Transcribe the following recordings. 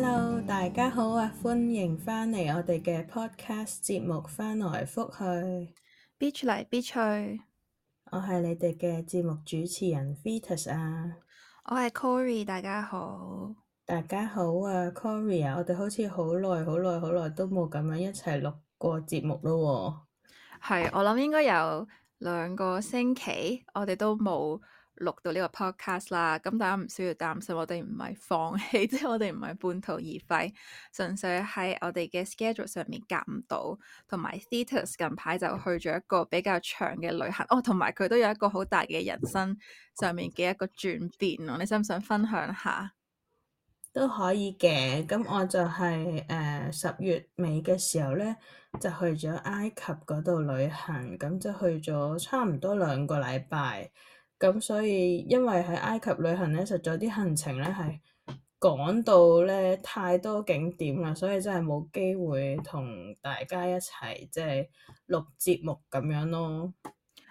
hello，大家好啊，歡迎翻嚟我哋嘅 podcast 節目，翻來覆去，Beach 嚟 Beach 去，我係你哋嘅節目主持人 Thetis 啊，我係 Corey，大家好，大家好啊，Corey 啊，Corey, 我哋好似好耐、好耐、好耐都冇咁樣一齊錄過節目咯。喎，係，我諗應該有兩個星期，我哋都冇。錄到呢個 podcast 啦，咁大家唔需要擔心，我哋唔係放棄，即係我哋唔係半途而廢，純粹喺我哋嘅 schedule 上面夾唔到，同埋 Thetis 近排就去咗一個比較長嘅旅行，哦，同埋佢都有一個好大嘅人生上面嘅一個轉變。你想唔想分享下？都可以嘅，咁我就係誒十月尾嘅時候咧，就去咗埃及嗰度旅行，咁就去咗差唔多兩個禮拜。咁所以，因為喺埃及旅行咧，實在啲行程咧係趕到咧太多景點啦，所以真係冇機會同大家一齊即係錄節目咁樣咯。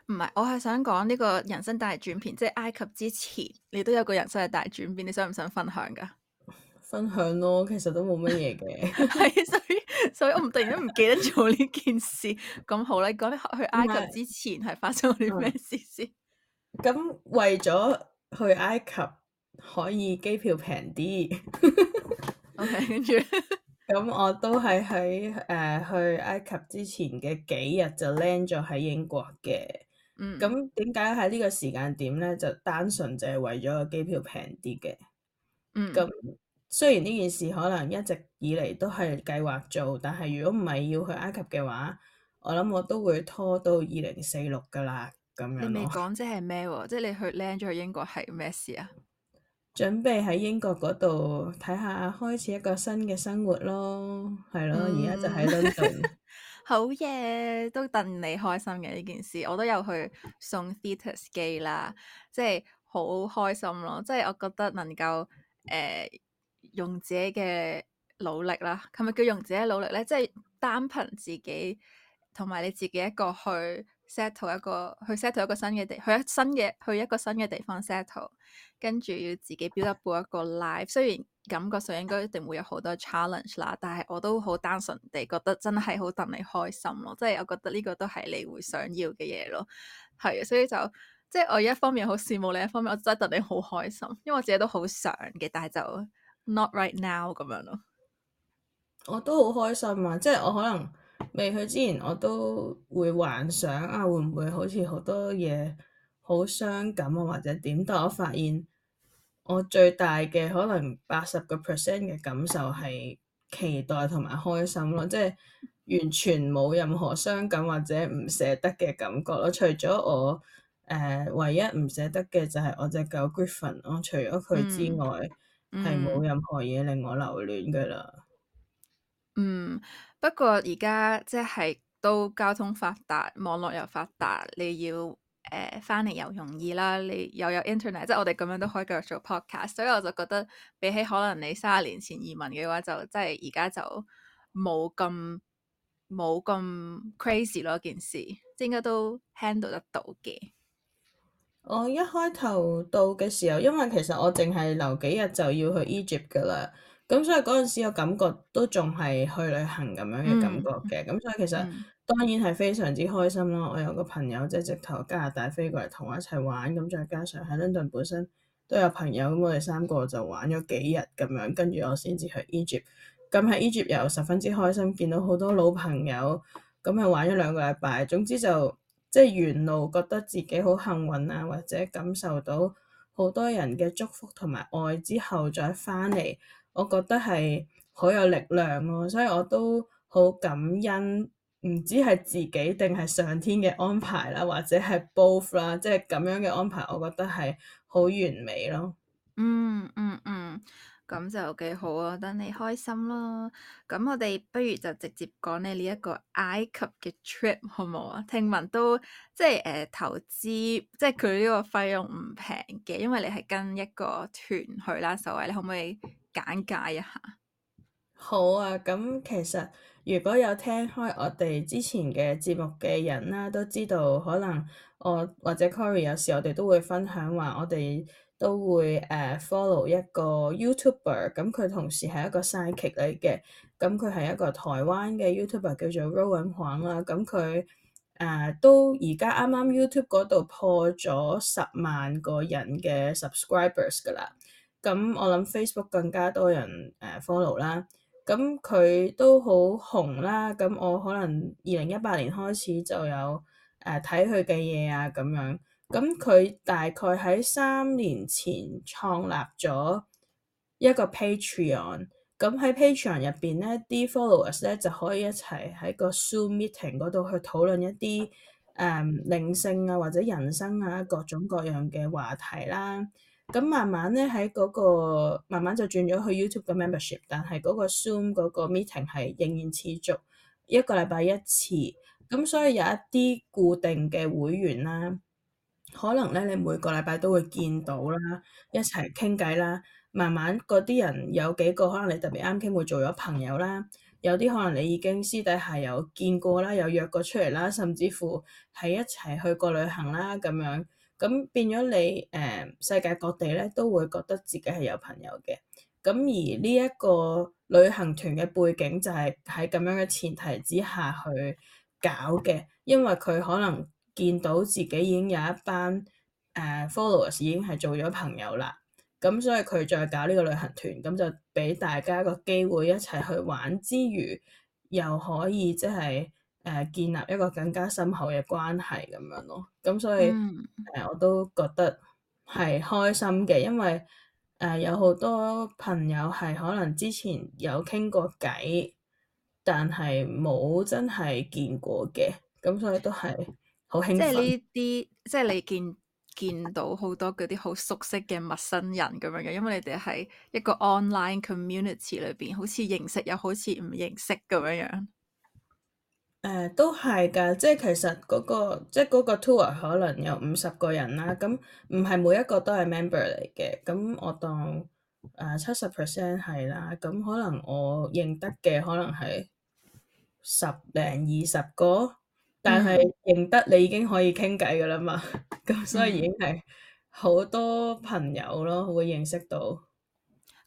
唔係，我係想講呢個人生大轉變，即係埃及之前，你都有個人生嘅大轉變，你想唔想分享噶？分享咯，其實都冇乜嘢嘅，係所以所以我唔突然都唔記得做呢件事。咁 好啦，講你去埃及之前係是發生啲咩事先？ 咁為咗去埃及可以機票平啲 ，OK，跟住咁我都係喺誒去埃及之前嘅幾日就 land 咗喺英國嘅。嗯，咁點解喺呢個時間點咧，就單純就係為咗個機票平啲嘅。嗯，咁雖然呢件事可能一直以嚟都係計劃做，但係如果唔係要去埃及嘅話，我諗我都會拖到二零四六噶啦。你未講即係咩喎？即係你去 land 咗去英國係咩事啊？準備喺英國嗰度睇下開始一個新嘅生活咯，係咯，而家、嗯、就喺倫敦。 好嘢，都戥你開心嘅呢件事，我都有去送 Thetis 機啦，即係好開心咯。即係我覺得能夠誒、呃、用自己嘅努力啦，係咪叫用自己努力咧？即係單憑自己同埋你自己一個去。settle 一個去 settle 一個新嘅地去一新嘅去一個新嘅地方 settle，跟住要自己 build up 一個 live。雖然感覺上應該一定會有好多 challenge 啦，但係我都好單純地覺得真係好等你開心咯。即係我覺得呢個都係你會想要嘅嘢咯。係啊，所以就即係我一方面好羨慕你，一方面我真係等你好開心。因為我自己都好想嘅，但係就 not right now 咁樣咯。我都好開心啊！即係我可能。未去之前，我都會幻想啊，會唔會好似好多嘢，好傷感啊，或者點？但我發現，我最大嘅可能八十個 percent 嘅感受係期待同埋開心咯、啊，即係完全冇任何傷感或者唔捨得嘅感覺咯、啊。除咗我誒、呃，唯一唔捨得嘅就係我隻狗 Griffin 咯。除咗佢之外，係冇、嗯、任何嘢令我留戀噶啦。嗯。不過而家即係都交通發達，網絡又發達，你要誒翻嚟又容易啦。你又有 internet，即係我哋咁樣都可以繼續做 podcast。所以我就覺得比起可能你卅年前移民嘅話，就即係而家就冇咁冇咁 crazy 咯。Cra 件事即係應該都 handle 得到嘅。我一開頭到嘅時候，因為其實我淨係留幾日就要去 Egypt 㗎喇。咁所以嗰陣時，我感覺都仲係去旅行咁樣嘅感覺嘅。咁、嗯、所以其實當然係非常之開心咯。嗯、我有個朋友即係、就是、直頭加拿大飛過嚟同我一齊玩，咁再加上喺倫敦本身都有朋友，咁我哋三個就玩咗幾日咁樣，跟住我先至去 Egypt。咁、嗯、喺 Egypt 又十分之開心，見到好多老朋友，咁又玩咗兩個禮拜。總之就即係、就是、沿路覺得自己好幸運啊，或者感受到好多人嘅祝福同埋愛之後再，再翻嚟。我覺得係好有力量咯、啊，所以我都好感恩，唔知係自己定係上天嘅安排啦、啊，或者係 both 啦、啊，即係咁樣嘅安排，我覺得係好完美咯。嗯嗯嗯，咁、嗯嗯、就幾好啊，等你開心啦。咁我哋不如就直接講你呢一個埃及嘅 trip 好唔好啊？聽聞都即係誒、呃、投資，即係佢呢個費用唔平嘅，因為你係跟一個團去啦，所以你可唔可以？簡介一下，好啊。咁其實如果有聽開我哋之前嘅節目嘅人啦、啊，都知道可能我或者 Cory e 有時我哋都會分享話，我哋都會、uh, follow 一個 YouTuber，咁佢同時係一個 scientist 嚟嘅。咁佢係一個台灣嘅 YouTuber 叫做 Rowan Huang 啦。咁佢誒都而家啱啱 YouTube 度破咗十萬個人嘅 Subscribers 噶啦。咁我諗 Facebook 更加多人 follow 啦，咁佢都好紅啦。咁我可能二零一八年開始就有誒睇佢嘅嘢啊咁樣。咁佢大概喺三年前創立咗一個 Patreon，咁喺 Patreon 入邊咧啲 followers 咧就可以一齊喺個 Zoom meeting 嗰度去討論一啲誒靈性啊或者人生啊各種各樣嘅話題啦。咁慢慢咧喺嗰個，慢慢就轉咗去 YouTube 嘅 membership，但係嗰個 Zoom 嗰個 meeting 係仍然持續一個禮拜一次。咁所以有一啲固定嘅會員啦，可能咧你每個禮拜都會見到啦，一齊傾偈啦。慢慢嗰啲人有幾個可能你特別啱傾會做咗朋友啦，有啲可能你已經私底下有見過啦，有約過出嚟啦，甚至乎係一齊去過旅行啦咁樣。咁變咗你誒、uh, 世界各地咧都會覺得自己係有朋友嘅，咁而呢一個旅行團嘅背景就係喺咁樣嘅前提之下去搞嘅，因為佢可能見到自己已經有一班誒、uh, followers 已經係做咗朋友啦，咁所以佢再搞呢個旅行團，咁就俾大家一個機會一齊去玩之餘，又可以即係，就是誒建立一個更加深厚嘅關係咁樣咯，咁所以誒、嗯呃、我都覺得係開心嘅，因為誒、呃、有好多朋友係可能之前有傾過偈，但係冇真係見過嘅，咁所以都係好興奮。即係呢啲，即係你見見到好多嗰啲好熟悉嘅陌生人咁樣嘅，因為你哋喺一個 online community 裏邊，好似認識又好似唔認識咁樣樣。誒、呃，都係噶，即係其實嗰、嗰個即係嗰個 tour 可能有五十個人啦，咁唔係每一個都係 member 嚟嘅，咁我當誒七十 percent 係啦，咁可能我認得嘅可能係十零二十個，但係認得你已經可以傾偈噶啦嘛，咁所以已經係好多朋友咯，會認識到。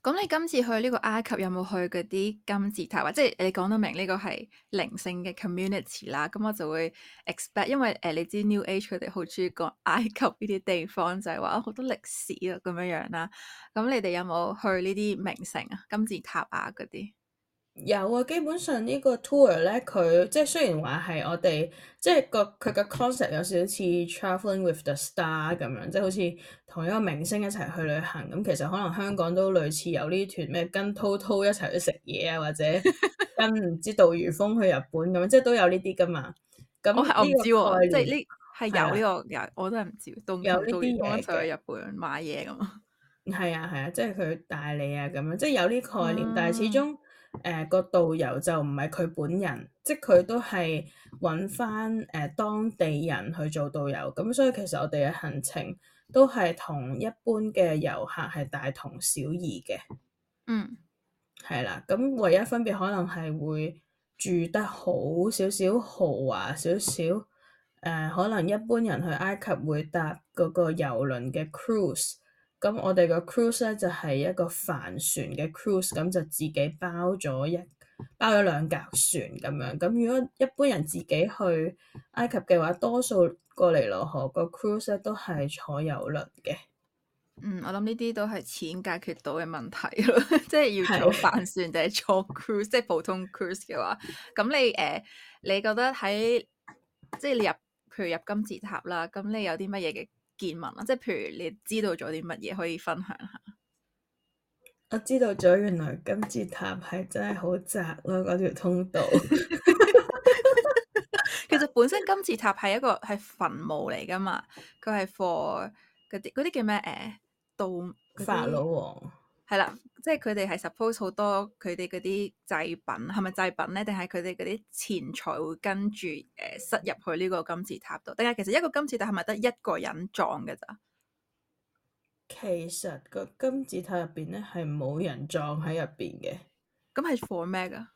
咁你今次去呢個埃及有冇去嗰啲金字塔？或者你講得明呢個係靈性嘅 community 啦，咁我就會 expect，因為誒、呃、你知 New Age 佢哋好中意講埃及呢啲地方就係、是、話好多歷史啊咁樣樣啦。咁你哋有冇去呢啲名城啊、金字塔啊嗰啲？有啊，基本上個呢個 tour 咧，佢即係雖然話係我哋即係個佢嘅 concept 有少少似 traveling with the star 咁樣，即係好似同一個明星一齊去旅行咁。其實可能香港都類似有呢團咩跟滔滔一齊去食嘢啊，或者跟唔 知杜如風去日本咁，即係都有呢啲㗎嘛。咁我唔知喎、啊，啊、即係呢係有呢、這個，啊、我都係唔知。有呢啲嘢嘅。去日本買嘢咁啊，係啊係啊，即係佢帶你啊咁樣，即係有呢概念，但係始終、嗯。誒，呃，那個導遊就唔係佢本人，即佢都係揾返誒當地人去做導遊，咁所以其實我哋嘅行程都係同一般嘅遊客係大同小異嘅，嗯，係啦，咁唯一分別可能係會住得好少少豪華少少，誒、呃，可能一般人去埃及會搭嗰個遊輪嘅 cruise。咁我哋個 cruise 咧就係、是、一個帆船嘅 cruise，咁就自己包咗一包咗兩架船咁樣。咁如果一般人自己去埃及嘅話，多數過尼羅河、那個 cruise 咧都係坐遊輪嘅。嗯，我諗呢啲都係錢解決到嘅問題咯，即 係要坐帆船定係坐 cruise， 即係普通 cruise 嘅話。咁你誒、呃，你覺得喺即係你入，譬如入金字塔啦，咁你有啲乜嘢嘅？見聞啦，即係譬如你知道咗啲乜嘢可以分享下？我知道咗，原來金字塔係真係好窄咯，嗰條通道。 其實本身金字塔係一個係墳墓嚟噶嘛，佢係 for 嗰啲啲叫咩誒、欸，道法老王。係啦，即係佢哋係 suppose 好多佢哋嗰啲祭品係咪祭品咧？定係佢哋嗰啲錢財會跟住誒塞入去呢個金字塔度？定係其實一個金字塔係咪得一個人葬㗎咋？其實個金字塔入邊咧係冇人葬喺入邊嘅。咁係 for 咩㗎？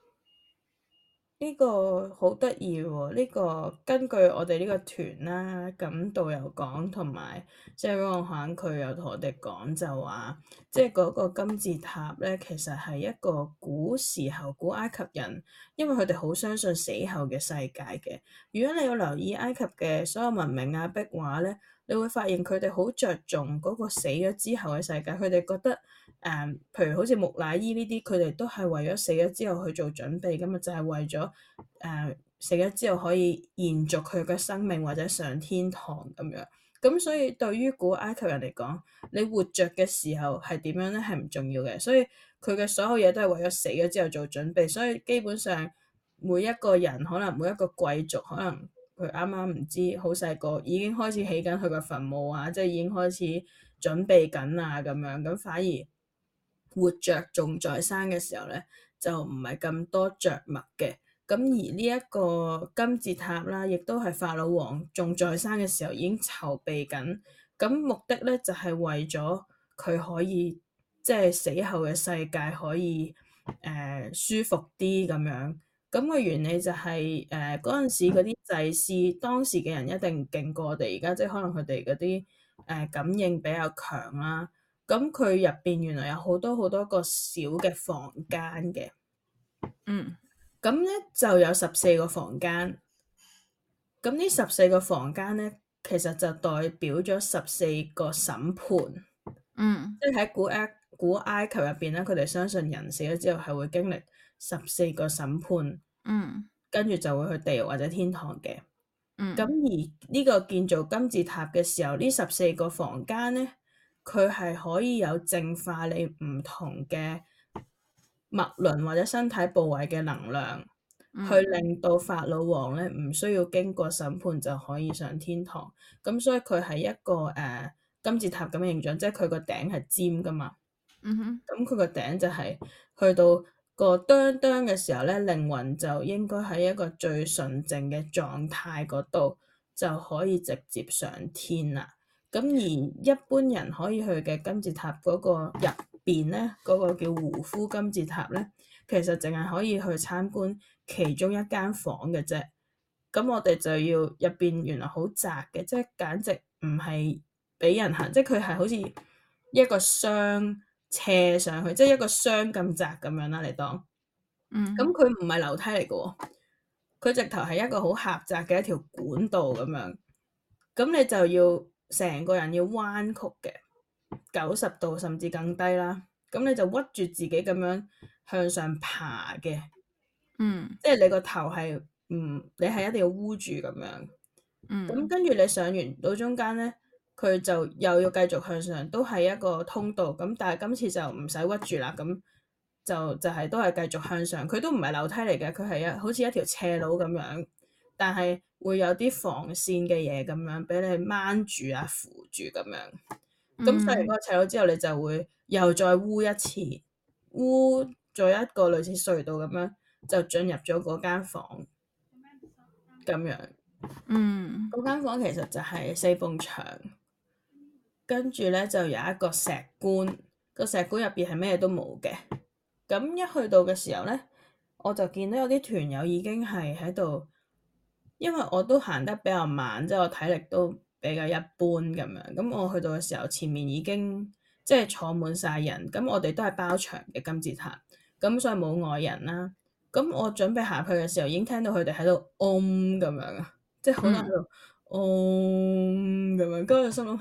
呢個好得意喎！呢、這個根據我哋呢個團啦，咁導遊講同埋即係 Jasper 佢又同我哋講就話，即係嗰、就是、個金字塔咧，其實係一個古時候古埃及人，因為佢哋好相信死後嘅世界嘅。如果你要留意埃及嘅所有文明啊、壁畫咧。你會發現佢哋好着重嗰個死咗之後嘅世界，佢哋覺得誒、呃，譬如好似木乃伊呢啲，佢哋都係為咗死咗之後去做準備，咁啊就係、是、為咗誒、呃、死咗之後可以延續佢嘅生命或者上天堂咁樣。咁所以對於古埃及人嚟講，你活着嘅時候係點樣咧係唔重要嘅，所以佢嘅所有嘢都係為咗死咗之後做準備，所以基本上每一個人可能每一個貴族可能。佢啱啱唔知好細個，已經開始起緊佢個墳墓啊，即係已經開始準備緊啊咁樣，咁反而活着仲在生嘅時候咧，就唔係咁多着墨嘅。咁而呢一個金字塔啦，亦都係法老王仲在生嘅時候已經籌備緊，咁目的咧就係、是、為咗佢可以即係、就是、死後嘅世界可以誒、呃、舒服啲咁樣。咁個原理就係、是，誒嗰陣時嗰啲祭司，當時嘅人一定勁過我哋而家，即係可能佢哋嗰啲誒感應比較強啦、啊。咁佢入邊原來有好多好多個小嘅房間嘅，嗯。咁咧就有十四個房間。咁呢十四個房間咧，其實就代表咗十四個審判。嗯。即係喺古埃古埃及入邊咧，佢哋相信人死咗之後係會經歷十四個審判，嗯，跟住就會去地獄或者天堂嘅，嗯。咁而呢個建造金字塔嘅時候，呢十四個房間咧，佢係可以有淨化你唔同嘅脈輪或者身體部位嘅能量，嗯、去令到法老王咧唔需要經過審判，就可以上天堂。咁所以佢係一個誒、呃、金字塔咁嘅形象，即係佢個頂係尖噶嘛。嗯哼。咁佢個頂就係去到。個當當嘅時候咧，靈魂就應該喺一個最純淨嘅狀態嗰度，就可以直接上天啦。咁而一般人可以去嘅金字塔嗰個入邊咧，嗰個叫胡夫金字塔咧，其實淨係可以去參觀其中一間房嘅啫。咁我哋就要入邊原來好窄嘅，即係簡直唔係俾人行，即係佢係好似一個箱。斜上去，即係一個箱咁窄咁樣啦，你當，嗯、mm，咁佢唔係樓梯嚟嘅，佢直頭係一個好狹窄嘅一條管道咁樣，咁你就要成個人要彎曲嘅九十度甚至更低啦，咁你就屈住自己咁樣向上爬嘅，嗯、mm，hmm. 即係你個頭係，嗯，你係一定要箍住咁樣，嗯、mm，咁、hmm. 跟住你上完到中間咧。佢就又要繼續向上，都係一個通道咁，但係今次就唔使屈住啦，咁就就係、是、都係繼續向上。佢都唔係樓梯嚟嘅，佢係一好似一條斜路咁樣，但係會有啲防線嘅嘢咁樣，俾你掹住啊扶住咁樣。咁細完嗰個斜路之後，你就會又再烏一次，烏咗一個類似隧道咁樣，就進入咗嗰間房咁樣。嗯，嗰間房其實就係四埲牆。跟住咧就有一個石棺，個石棺入邊係咩都冇嘅。咁一去到嘅時候咧，我就見到有啲團友已經係喺度，因為我都行得比較慢，即係我體力都比較一般咁樣。咁我去到嘅時候，前面已經即係坐滿晒人。咁我哋都係包場嘅金字塔，咁所以冇外人啦。咁我準備下去嘅時候，已經聽到佢哋喺度嗡咁樣啊，即係可能喺度嗡咁樣。跟住心諗。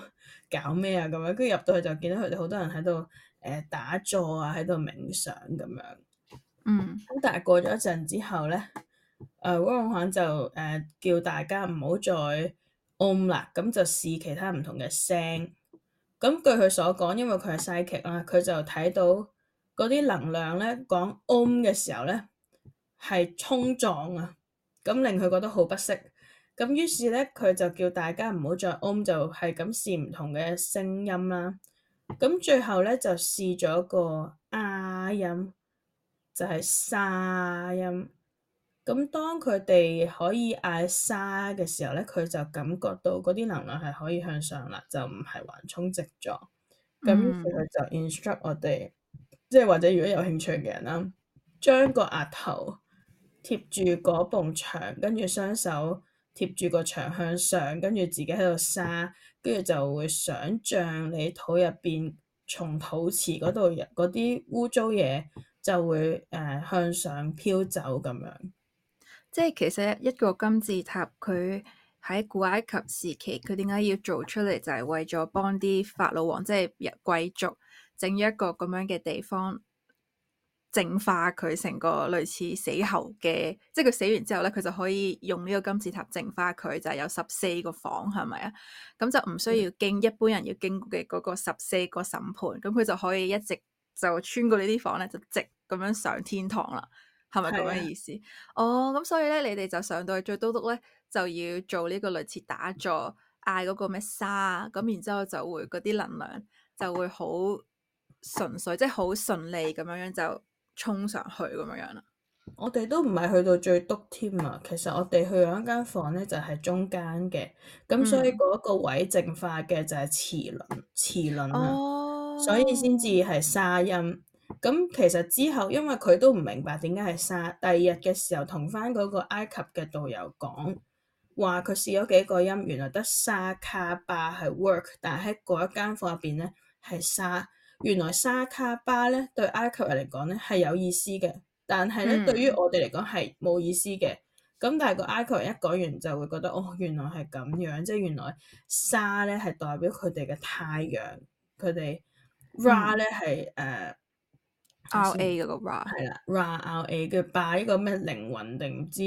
搞咩啊咁樣，跟住入到去就見到佢哋好多人喺度誒打坐啊，喺度冥想咁樣。嗯。咁但係過咗一陣之後咧，誒、呃、汪漢就誒、呃、叫大家唔好再 Om 啦，咁就試其他唔同嘅聲。咁據佢所講，因為佢係西劇啦，佢就睇到嗰啲能量咧，講 Om 嘅時候咧係衝撞啊，咁令佢覺得好不適。咁於是咧，佢就叫大家唔好再 O，就係咁試唔同嘅聲音啦。咁最後咧就試咗個啊音，就係、是、沙音。咁當佢哋可以嗌沙嘅時候咧，佢就感覺到嗰啲能量係可以向上啦，就唔係橫衝直撞。咁佢就 instruct 我哋，即係、嗯、或者如果有興趣嘅人啦，將個額頭貼住嗰埲牆，跟住雙手。貼住個牆向上，跟住自己喺度沙，跟住就會想象你肚入邊，從肚臍嗰度入嗰啲污糟嘢，就會誒、呃、向上飄走咁樣。即係其實一個金字塔，佢喺古埃及時期，佢點解要做出嚟就係為咗幫啲法老王，即係日貴族整一個咁樣嘅地方。淨化佢成個類似死後嘅，即係佢死完之後咧，佢就可以用呢個金字塔淨化佢，就是、有十四個房，係咪啊？咁就唔需要經、嗯、一般人要經過嘅嗰個十四個審判，咁佢就可以一直就穿過呢啲房咧，就直咁樣上天堂啦，係咪咁嘅意思？哦、啊，咁、oh, 所以咧，你哋就上到去最頂篤咧，就要做呢個類似打坐，嗌嗰個咩沙，咁然之後就會嗰啲能量就會好純粹，即係好順利咁樣樣就。衝上去咁樣樣啦，我哋都唔係去到最篤添啊。其實我哋去咗間房咧就係中間嘅，咁所以嗰個位淨化嘅就係齒輪，齒輪啊，哦、所以先至係沙音。咁其實之後因為佢都唔明白點解係沙。第二日嘅時候同翻嗰個埃及嘅導遊講話，佢試咗幾個音，原來得沙卡巴係 work，但係喺嗰一間房入邊咧係沙。原來沙卡巴咧對埃及人嚟講咧係有意思嘅，但係咧對於我哋嚟講係冇意思嘅。咁、嗯、但係個埃及人一講完就會覺得哦，原來係咁樣，即係原來沙咧係代表佢哋嘅太陽，佢哋 Ra 咧係誒 Ra 嗰個 Ra 係啦，Ra Ra 嘅 Ba 呢個咩靈魂定唔知？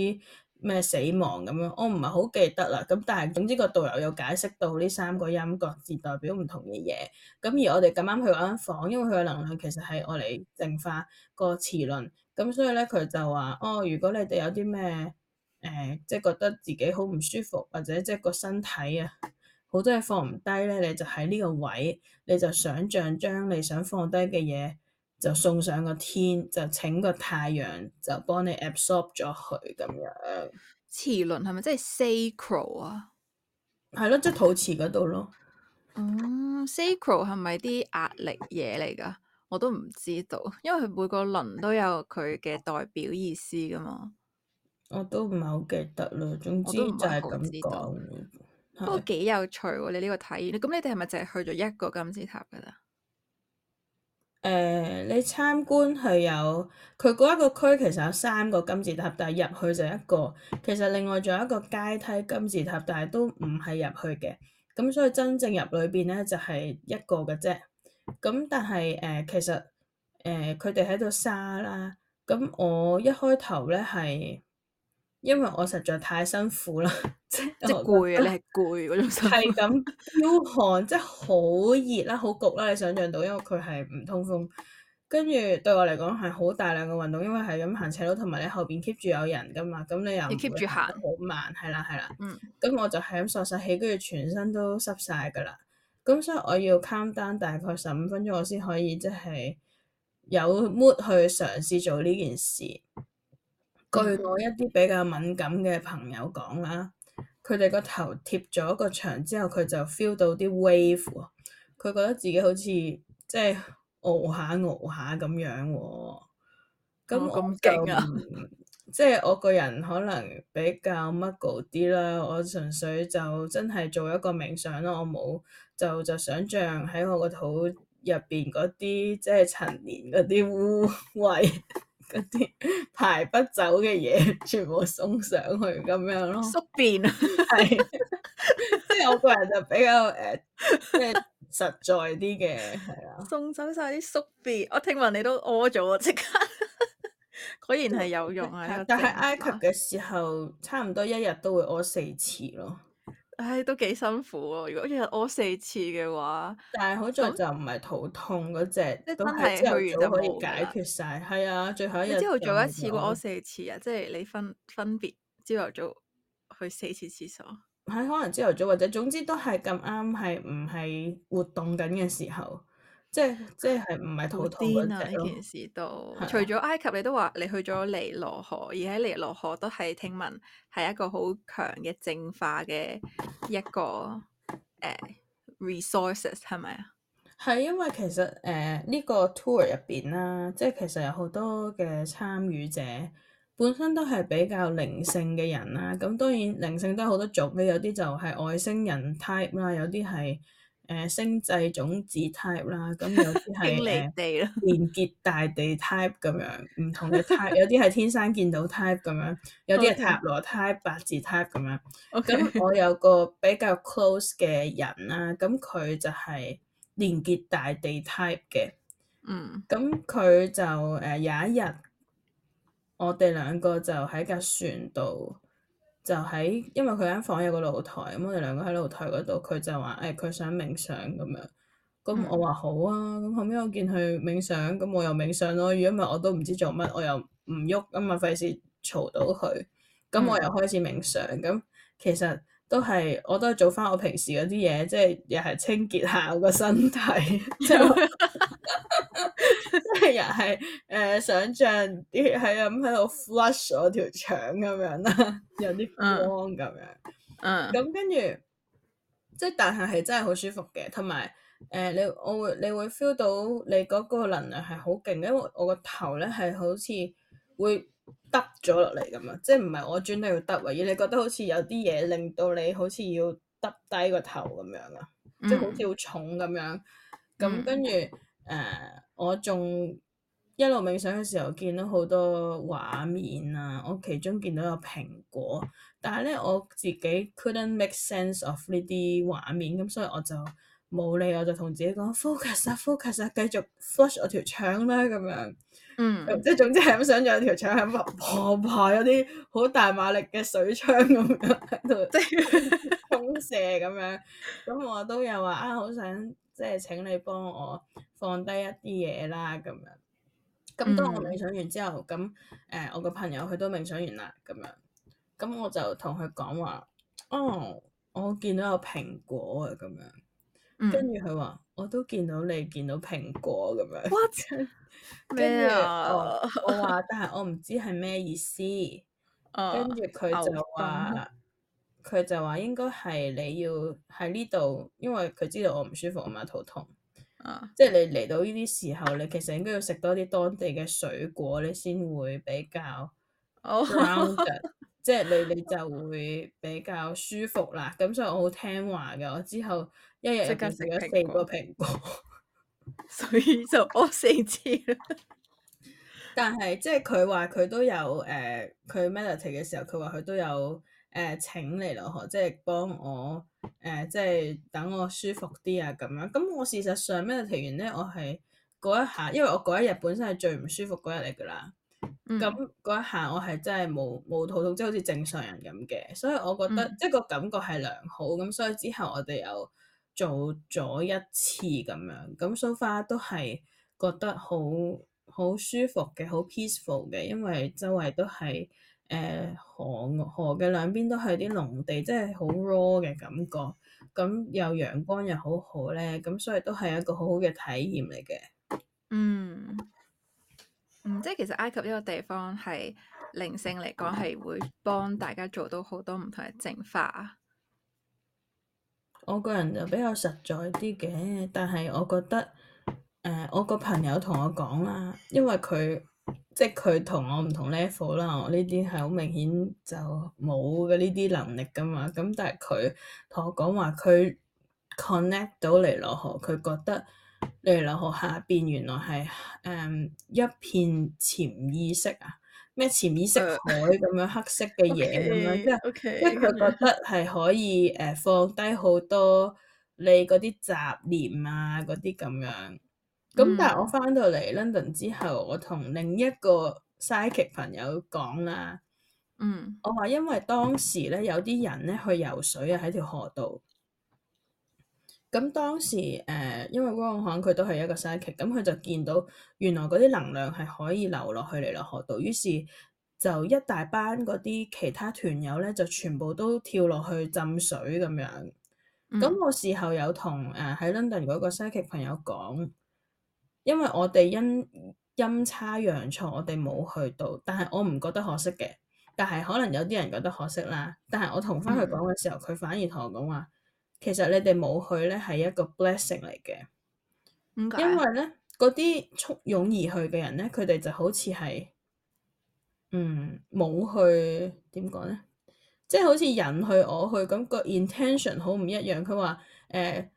咩死亡咁樣，我唔係好記得啦。咁但係總之個導遊又解釋到呢三個音各自代表唔同嘅嘢。咁而我哋咁啱去搵房，因為佢嘅能量其實係用嚟淨化個齒輪。咁所以咧佢就話，哦，如果你哋有啲咩誒，即、呃、係、就是、覺得自己好唔舒服，或者即係個身體啊好多嘢放唔低咧，你就喺呢個位，你就想象將你想放低嘅嘢。就送上個天，就請個太陽就幫你 absorb 咗佢咁樣。磁輪係咪即係 sacral 啊？係 咯，即係肚臍嗰度咯。嗯，sacral 係咪啲壓力嘢嚟噶？我都唔知道，因為佢每個輪都有佢嘅代表意思噶嘛。 我都唔係好記得啦，總之就係咁講。不過幾有趣， 你呢個體驗，咁你哋係咪淨係去咗一個金字塔噶啦？誒、呃，你參觀係有佢嗰一個區，其實有三個金字塔，但係入去就一個。其實另外仲有一個階梯金字塔，但係都唔係入去嘅。咁所以真正入裏邊咧，就係、是、一個嘅啫。咁但係誒、呃，其實誒，佢哋喺度沙啦。咁我一開頭咧係。因為我實在太辛苦啦， 即攰啊！你係攰嗰種係咁彪汗，即係好熱啦、好焗啦、啊，你想象到。因為佢係唔通風，跟住對我嚟講係好大量嘅運動，因為係咁行斜路，同埋你後邊 keep 住有人噶嘛，咁你又 keep 住行好慢，係啦，係啦。嗯。咁我就係咁索曬氣，跟住全身都濕晒㗎啦。咁所以我要 calm down 大概十五分鐘，我先可以即係、就是、有 mood 去嘗試做呢件事。據我一啲比較敏感嘅朋友講啦，佢哋個頭貼咗個牆之後，佢就 feel 到啲 wave 喎，佢覺得自己好似即係熬、呃、下熬、呃、下咁樣喎。咁咁勁啊！即係我個人可能比較 muggle 啲啦，我純粹就真係做一個冥想咯，我冇就就想像喺我個肚入邊嗰啲即係陳年嗰啲污穢。啲 排不走嘅嘢，全部送上去咁樣咯，宿縮便，係 即係我個人就比較誒、呃，即係實在啲嘅，係啊，送走晒啲宿便，我聽聞你都屙咗，即刻 果然係有用啊！但係埃及嘅時候， 差唔多一日都會屙四次咯。唉，都幾辛苦啊！如果一日屙四次嘅話，但係好在就唔係肚痛嗰隻，即係真係朝早可以解決晒。係、嗯、啊，最後一日。你朝早做一次過屙四次啊？即係你分分別朝頭早去四次廁所。係，可能朝頭早或者總之都係咁啱，係唔係活動緊嘅時候。即係即係，唔係普通啊？呢件事都，是除咗埃及，你都話你去咗尼羅河，而喺尼羅河都係聽聞係一個好強嘅淨化嘅一個誒、uh, resources，係咪啊？係因為其實誒呢、uh, 個 tour 入邊啦，即、就、係、是、其實有好多嘅參與者本身都係比較靈性嘅人啦。咁當然靈性都係好多種，你有啲就係外星人 type 啦，有啲係。誒、uh, 星際種子 type 啦，咁有啲係連結大地 type 咁樣，唔同嘅 type， 有啲係天生見到 type 咁樣， 有啲係塔羅 type、八字 type 咁樣。咁 Okay. 我有個比較 close 嘅人啦，咁佢就係連結大地 type 嘅。嗯。 咁佢就誒有一日，我哋兩個就喺架船度。就喺，因為佢間房有個露台，咁、嗯、我哋兩個喺露台嗰度，佢就話誒佢想冥想咁樣，咁、嗯、我話好啊，咁後尾我見佢冥想，咁我又冥想咯，如果唔係我都唔知做乜，我又唔喐，咁咪費事嘈到佢，咁我又開始冥想，咁、嗯、其實都係我都係做翻我平時嗰啲嘢，即係又係清潔下我個身體。 人係誒、呃，想象啲喺咁喺度 flush 咗條腸咁樣啦，有啲光咁樣，嗯， 咁、uh, uh. 跟住即係，但係係真係好舒服嘅，同埋誒，你我會你會 feel 到你嗰個能量係好勁，因為我個頭咧係好似會耷咗落嚟咁啊，即係唔係我專登要耷啊，而你覺得好似有啲嘢令到你好似要耷低個頭咁樣啊，即係好似好重咁樣，咁跟住誒。我仲一路冥想嘅時候，見到好多畫面啊！我其中見到有蘋果，但係咧我自己 couldn't make sense of 呢啲畫面，咁所以我就冇理，我就同自己講 focus 啊 focus 啊，繼續 flush 我條腸啦咁樣，嗯，即係總之係咁想象條腸喺咁嘩嘩有啲好大馬力嘅水槍咁樣， 樣，即係轟射咁樣，咁我都有話啊好想。即係請你幫我放低一啲嘢啦，咁樣。咁當我冥想完之後，咁誒、呃、我個朋友佢都冥想完啦，咁樣。咁我就同佢講話，哦，我見到有蘋果啊，咁樣。嗯。跟住佢話，我都見到你見到蘋果咁樣。跟住 What? 我話，但係我唔知係咩意思。跟住佢就話。佢就話應該係你要喺呢度，因為佢知道我唔舒服啊嘛，肚痛。啊，即係你嚟到呢啲時候，你其實應該要食多啲當地嘅水果，你先會比較 r o u 即係你你就會比較舒服啦。咁所以我好聽話噶，我之後一日又食咗四個蘋果， 所以就屙四次啦。 但係即係佢話佢都有誒，佢 melody 嘅時候，佢話佢都有。誒、呃、請你咯，呵，即係幫我，誒、呃，即係等我舒服啲啊，咁樣。咁我事實上咩提完咧，我係嗰一下，因為我嗰一日本身係最唔舒服嗰日嚟㗎啦。咁嗰、嗯、一下我係真係冇冇肚痛，即、就、係、是、好似正常人咁嘅。所以我覺得、嗯、即係個感覺係良好。咁所以之後我哋又做咗一次咁樣，咁 so far 都係覺得好好舒服嘅，好 peaceful 嘅，因為周圍都係。誒、uh, 河河嘅兩邊都係啲農地，即係好 raw 嘅感覺，咁又陽光又好好咧，咁所以都係一個好好嘅體驗嚟嘅。嗯，即係其實埃及呢個地方係靈性嚟講係會幫大家做到好多唔同嘅淨化。我個人就比較實在啲嘅，但係我覺得，誒、呃，我個朋友同我講啦，因為佢。即係佢同我唔同 level 啦，我呢啲係好明顯就冇嘅呢啲能力㗎嘛。咁但係佢同我講話，佢 connect 到尼羅河，佢覺得尼羅河下邊原來係誒、嗯、一片潛意識啊，咩潛意識海咁樣，uh, 黑色嘅嘢咁樣，即係佢覺得係可以誒、呃、放低好多你嗰啲雜念啊嗰啲咁樣。咁、嗯、但係我返到嚟 London 之後，我同另一個 psychic 朋友講啦，嗯，我話因為當時咧有啲人咧去游水啊喺條河度。咁當時誒、呃、因為汪行佢都係一個 psychic 咁佢就見到原來嗰啲能量係可以流落去嚟落河度。於是就一大班嗰啲其他團友咧就全部都跳落去浸水咁樣。咁、嗯、我事後有同誒喺、呃、London 嗰個 psychic 朋友講。因為我哋因陰差陽錯，我哋冇去到，但係我唔覺得可惜嘅。但係可能有啲人覺得可惜啦。但係我同翻佢講嘅時候，佢、嗯、反而同我講話，其實你哋冇去咧係一個 blessing 嚟嘅。謝謝。因為咧嗰啲簇擁而去嘅人咧，佢哋就好似係嗯冇去點講咧？即係、就是、好似人去我去咁，那個 intention 好唔一樣。佢話誒。呃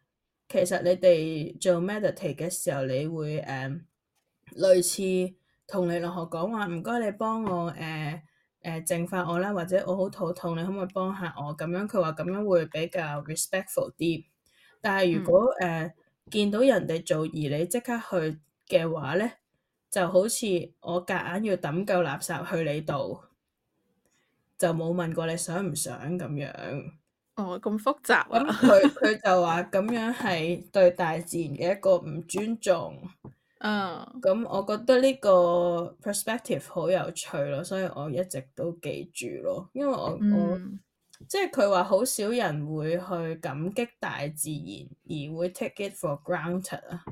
其實你哋做 meditate 嘅時候，你會誒、uh, 類似同你同學講話，唔該你幫我誒誒淨化我啦，或者我好肚痛，你可唔可以幫下我？咁樣佢話咁樣會比較 respectful 啲。但係如果誒、uh, mm. 見到人哋做而你即刻去嘅話咧，就好似我夾硬要抌嚿垃圾去你度，就冇問過你想唔想咁樣。哦，咁複雜啊！佢 佢就話咁樣係對大自然嘅一個唔尊重。Uh, 嗯，咁我覺得呢個 perspective 好有趣咯，所以我一直都記住咯，因為我我即係佢話好少人會去感激大自然，而會 take it for granted 啊。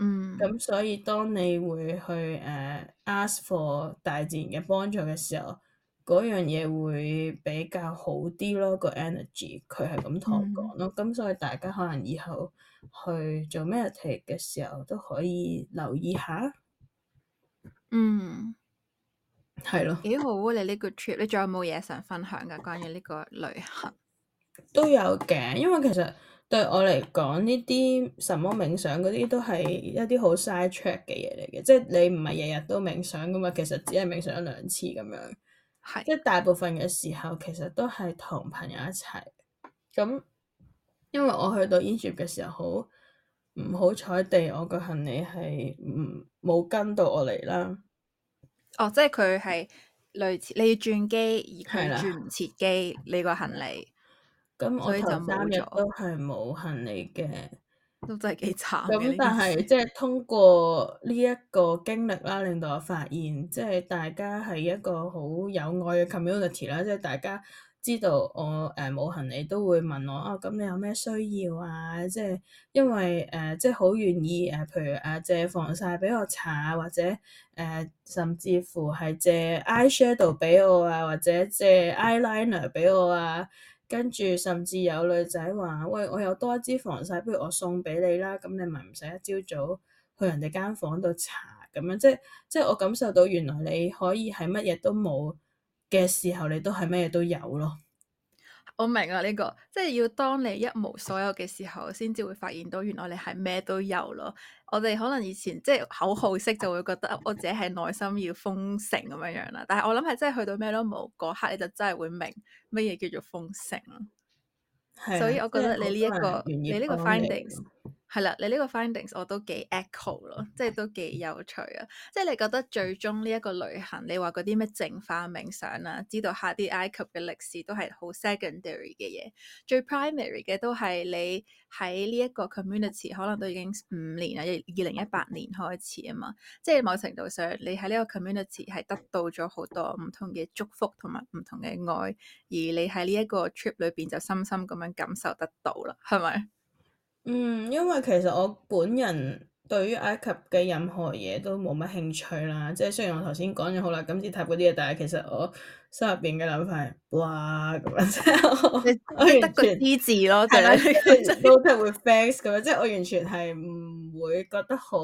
嗯，咁所以當你會去誒、uh, ask for 大自然嘅幫助嘅時候。嗰樣嘢會比較好啲咯。個 energy 佢係咁同我講咯，咁、嗯、所以大家可能以後去做咩 trip 嘅時候都可以留意下。嗯，係咯，幾好啊！你呢個 trip，你仲有冇嘢想分享嘅？關於呢個旅行都有嘅，因為其實對我嚟講，呢啲什麼冥想嗰啲都係一啲好 side track 嘅嘢嚟嘅，即係你唔係日日都冥想噶嘛，其實只係冥想一兩次咁樣。係，是即係大部分嘅時候其實都係同朋友一齊，咁因為我去到 Egypt 嘅時候好唔好彩地，我個行李係唔冇跟到我嚟啦。哦，即係佢係類似你要轉機而佢轉唔切機你個行李，咁我頭三日都係冇行李嘅。都真係幾慘。咁但係 即係通過呢一個經歷啦，令到我發現，即係大家係一個好有愛嘅 community 啦。即係大家知道我誒冇、呃、行李都會問我啊，咁、哦、你有咩需要啊？即係因為誒、呃、即係好願意誒，譬如誒、啊、借防曬俾我搽啊，或者誒、呃、甚至乎係借 eye shadow 俾我啊，或者借 eyeliner 俾我啊。跟住，甚至有女仔話，喂，我有多一支防曬，不如我送畀你啦。咁你咪唔使一朝早去人哋間房度查咁樣。即係即係，我感受到原來你可以係乜嘢都冇嘅時候，你都係乜嘢都有咯。我明啊，呢個即係要當你一無所有嘅時候，先至會發現到原來你係咩都有咯。我哋可能以前即係口號式就會覺得我自己係內心要豐盛咁樣樣啦。但係我諗係真係去到咩都冇嗰刻，你就真係會明乜嘢叫做豐盛。的所以我覺得你呢一個你呢個 findings。係啦，你呢個 findings 我都幾 echo 咯，即係都幾有趣啊！即係你覺得最終呢一個旅行，你話嗰啲咩淨化冥想啊，知道下啲埃及嘅歷史都係好 secondary 嘅嘢，最 primary 嘅都係你喺呢一個 community 可能都已經五年啊，二零一八年開始啊嘛，即係某程度上你喺呢個 community 係得到咗好多唔同嘅祝福同埋唔同嘅愛，而你喺呢一個 trip 裏邊就深深咁樣感受得到啦，係咪？嗯，因為其實我本人對於埃及嘅任何嘢都冇乜興趣啦，即係雖然我頭先講咗好啦金字塔嗰啲嘢，但係其實我心入邊嘅諗法係哇咁樣即係得你 完全啲字咯，係啦吧，即係高塔會 fix 咁樣，即係我完全係唔會覺得好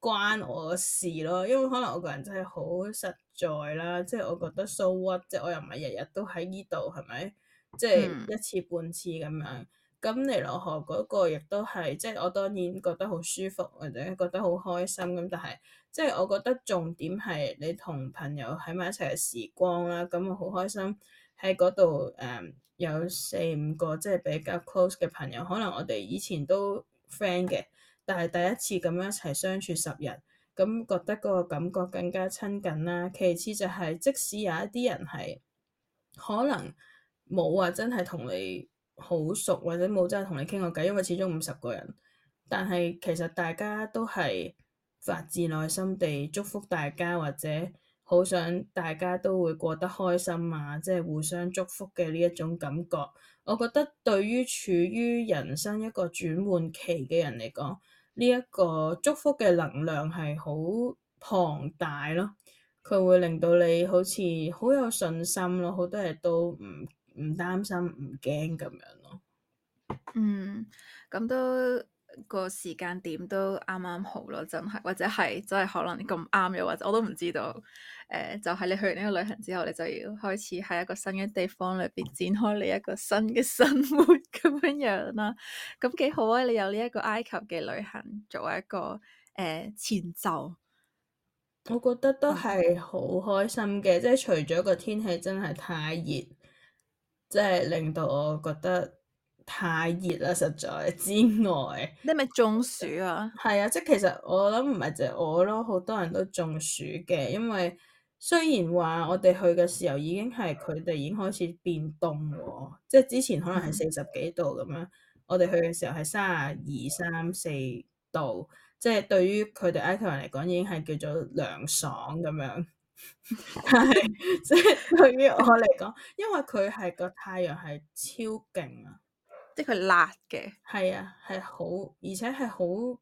關我事咯，因為可能我個人真係好實在啦，即係我覺得 so what，即係我又唔係日日都喺呢度，係咪？即係一次半次咁樣。嗯咁尼羅河嗰個亦都係，即係我當然覺得好舒服或者覺得好開心。咁但係，即係我覺得重點係你同朋友喺埋一齊嘅時光啦。咁我好開心喺嗰度誒，有四五個即係比較 close 嘅朋友。可能我哋以前都 friend 嘅，但係第一次咁樣一齊相處十日，咁覺得嗰個感覺更加親近啦。其次就係即使有一啲人係可能冇話真係同你。好熟或者冇真係同你傾過偈，因為始終五十個人，但係其實大家都係發自內心地祝福大家，或者好想大家都會過得開心啊，即係互相祝福嘅呢一種感覺。我覺得對於處於人生一個轉換期嘅人嚟講，呢一個祝福嘅能量係好龐大咯，佢會令到你好似好有信心咯，好多嘢都唔。唔擔心，唔驚咁樣咯。嗯，咁都個時間點都啱啱好咯，真係或者係真係可能咁啱又或者我都唔知道。誒、呃，就係、是、你去完呢個旅行之後，你就要開始喺一個新嘅地方裏邊展開你一個新嘅生活咁樣樣、啊、啦。咁幾好啊！你有呢一個埃及嘅旅行作為一個誒、呃、前奏，我覺得都係好開心嘅。啊、即係除咗個天氣真係太熱。即係令到我覺得太熱啦，實在之外， 你咪中暑啊？係啊，即係其實我諗唔係就係我咯，好多人都中暑嘅。因為雖然話我哋去嘅時候已經係佢哋已經開始變凍，即係之前可能係四十幾度咁樣，我哋去嘅時候係三十二、三四度，即係對於佢哋埃及人嚟講已經係叫做涼爽咁樣。係，即係 對於我嚟講，因為佢係個太陽係超勁啊，即係佢辣嘅，係啊，係好，而且係好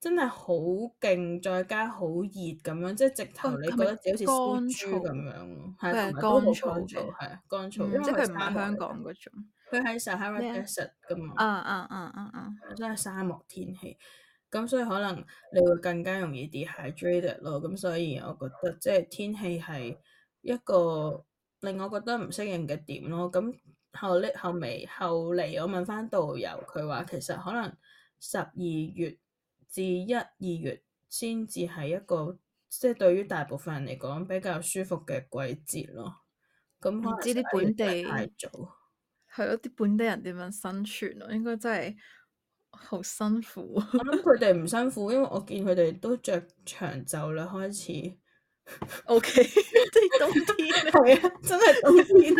真係好勁，再加好熱咁樣，即係直頭你覺得好似燒豬咁樣，係乾燥，係啊，乾燥，即係佢唔係香港嗰種，佢喺撒哈拉沙漠咁啊啊啊啊啊，真係、ah、沙漠天氣。咁所以可能你會更加容易 dehydrated 咯，咁所以我覺得即係、就是、天氣係一個令我覺得唔適應嘅點咯。咁後呢後尾後嚟我問翻導遊，佢話其實可能十二月至一二月先至係一個即係、就是、對於大部分人嚟講比較舒服嘅季節咯。咁唔知啲本地族係咯啲本地人點樣生存咯？應該真係，好辛苦， 我諗佢哋唔辛苦，因為我見佢哋都着長袖啦，開始，OK，即係冬天係啊， 真係冬天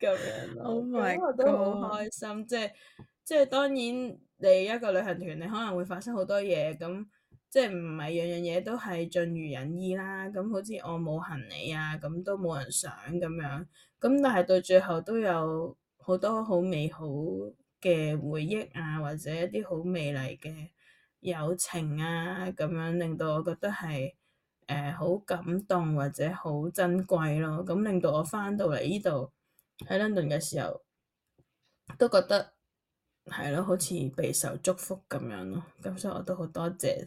咁樣，Oh my God，我都好開心，即係即係當然你一個旅行團，你可能會發生好多嘢，咁即係唔係樣樣嘢都係盡如人意啦，咁好似我冇行李啊，咁都冇人想咁樣，咁但係到最後都有好多好美好。嘅回憶啊，或者一啲好美麗嘅友情啊，咁樣令到我覺得係誒好感動或者好珍貴咯。咁令到我翻到嚟呢度喺倫敦嘅時候，都覺得係咯，好似備受祝福咁樣咯。咁所以我都好多謝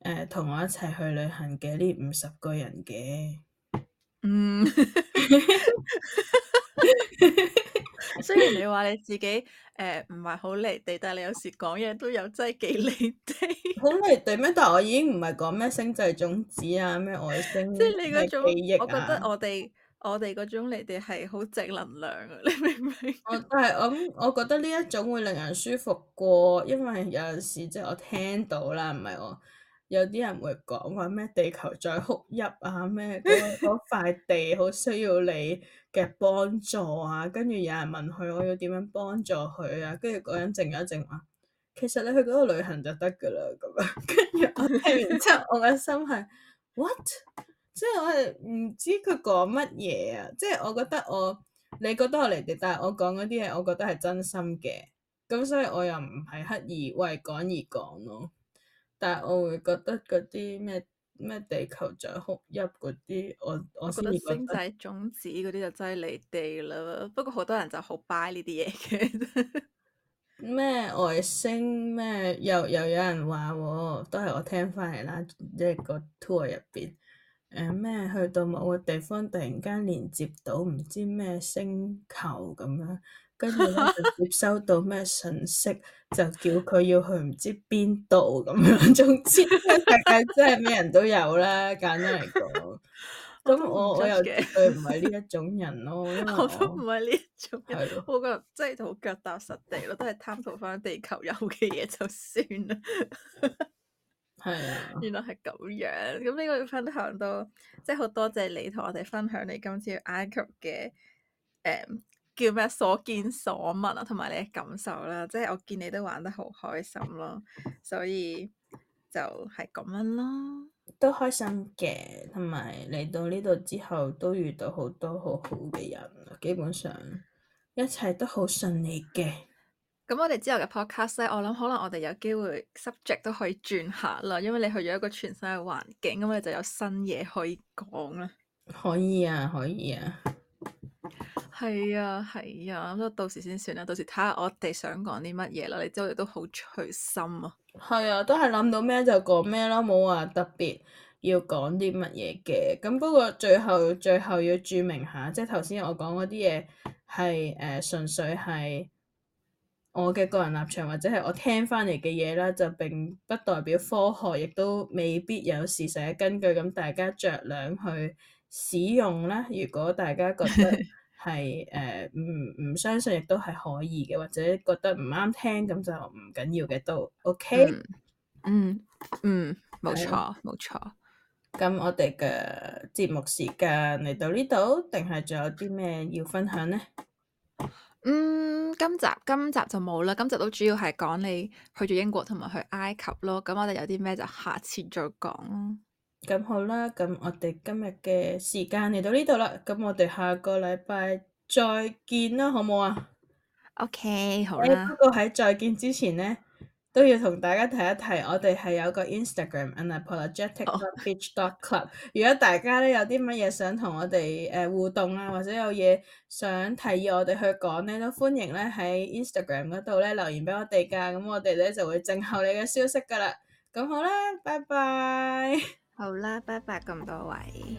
誒同、呃、我一齊去旅行嘅呢五十個人嘅，嗯。 雖然你話你自己誒唔係好離地，呃 嗯、但係你有時講嘢都有真係幾離地。好離地咩？但係我已經唔係講咩星際種子啊，咩外星。即係、 啊、你嗰種，我覺得我哋我哋嗰種你哋係好正能量啊！你明唔明？ 我係我，我覺得呢一種會令人舒服過，因為有陣時即係我聽到啦，唔係我。有啲人會講話咩地球在哭泣啊，咩嗰嗰塊地好需要你嘅幫助啊，跟住 有人問佢我要點樣幫助佢啊，跟住嗰人靜一靜話，其實你去嗰度旅行就得噶啦咁樣。跟住我聽完之後，我嘅心係 what，即係我係唔知佢講乜嘢，啊，即係我覺得我你覺得我嚟嘅，但係我講嗰啲嘢，我覺得係真心嘅，咁所以我又唔係刻意為講而講咯。但係我會覺得嗰啲咩咩地球在哭泣嗰啲，我我，我覺得星仔種子嗰啲就真係離地啦。不過好多人就好 buy 呢啲嘢嘅。咩 外星咩？又又有人話喎，都係我聽翻嚟啦，即、這、係個 tour 入邊。誒、呃、咩？去到某個地方，突然間連接到唔知咩星球咁樣。跟住咧就接收到咩信息，就叫佢要去唔知邊度咁樣。總之真係咩人都有啦，簡單嚟講。咁 我我又唔係呢一種人咯，哦 的，我都唔係呢一種，我覺得真係好腳踏實地咯，都係貪圖翻地球有嘅嘢就算啦。係 啊的，原來係咁樣。咁呢個要分享到，即係好多謝你同我哋分享你今次埃及嘅誒。叫咩？所見所聞啊，同埋你嘅感受啦，即係我見你都玩得好開心咯，所以就係咁樣咯，都開心嘅。同埋嚟到呢度之後都遇到好多好好嘅人，基本上一切都好順利嘅。咁我哋之後嘅 podcast 咧，我諗可能我哋有機會 subject 都可以轉下啦，因為你去咗一個全新嘅環境，咁你就有新嘢可以講啦。可以啊，可以啊。係啊，係啊，咁都到時先算啦。到時睇下我哋想講啲乜嘢啦。你知我哋都好隨心啊。係啊，都係諗到咩就講咩咯，冇話特別要講啲乜嘢嘅。咁不過最後最後要注明下，即係頭先我講嗰啲嘢係誒純粹係我嘅個人立場，或者係我聽翻嚟嘅嘢啦，就並不代表科學，亦都未必有事實嘅根據。咁大家酌量去使用啦。如果大家覺得， 係誒，唔唔相信亦都係可以嘅，或者覺得唔啱聽咁就唔緊要嘅都 OK。嗯嗯，冇錯冇錯。咁的錯我哋嘅節目時間嚟到呢度，定係仲有啲咩要分享呢？嗯，今集今集就冇啦。今集都主要係講你去咗英國同埋去埃及咯。咁我哋有啲咩就下次再講。咁好啦，咁我哋今日嘅時間嚟到呢度啦，咁我哋下個禮拜再見啦，好唔好啊？OK，好啦。不過喺再見之前呢，都要同大家提一提，我哋係有個 Instagram，unapologetic.bitch.club。如果大家咧有啲乜嘢想同我哋誒互動啊，或者有嘢想提議我哋去講咧，都歡迎咧喺 Instagram 嗰度咧留言俾我哋噶。咁我哋咧就會靜候你嘅消息噶啦。咁好啦，拜拜。好啦，拜拜咁多位。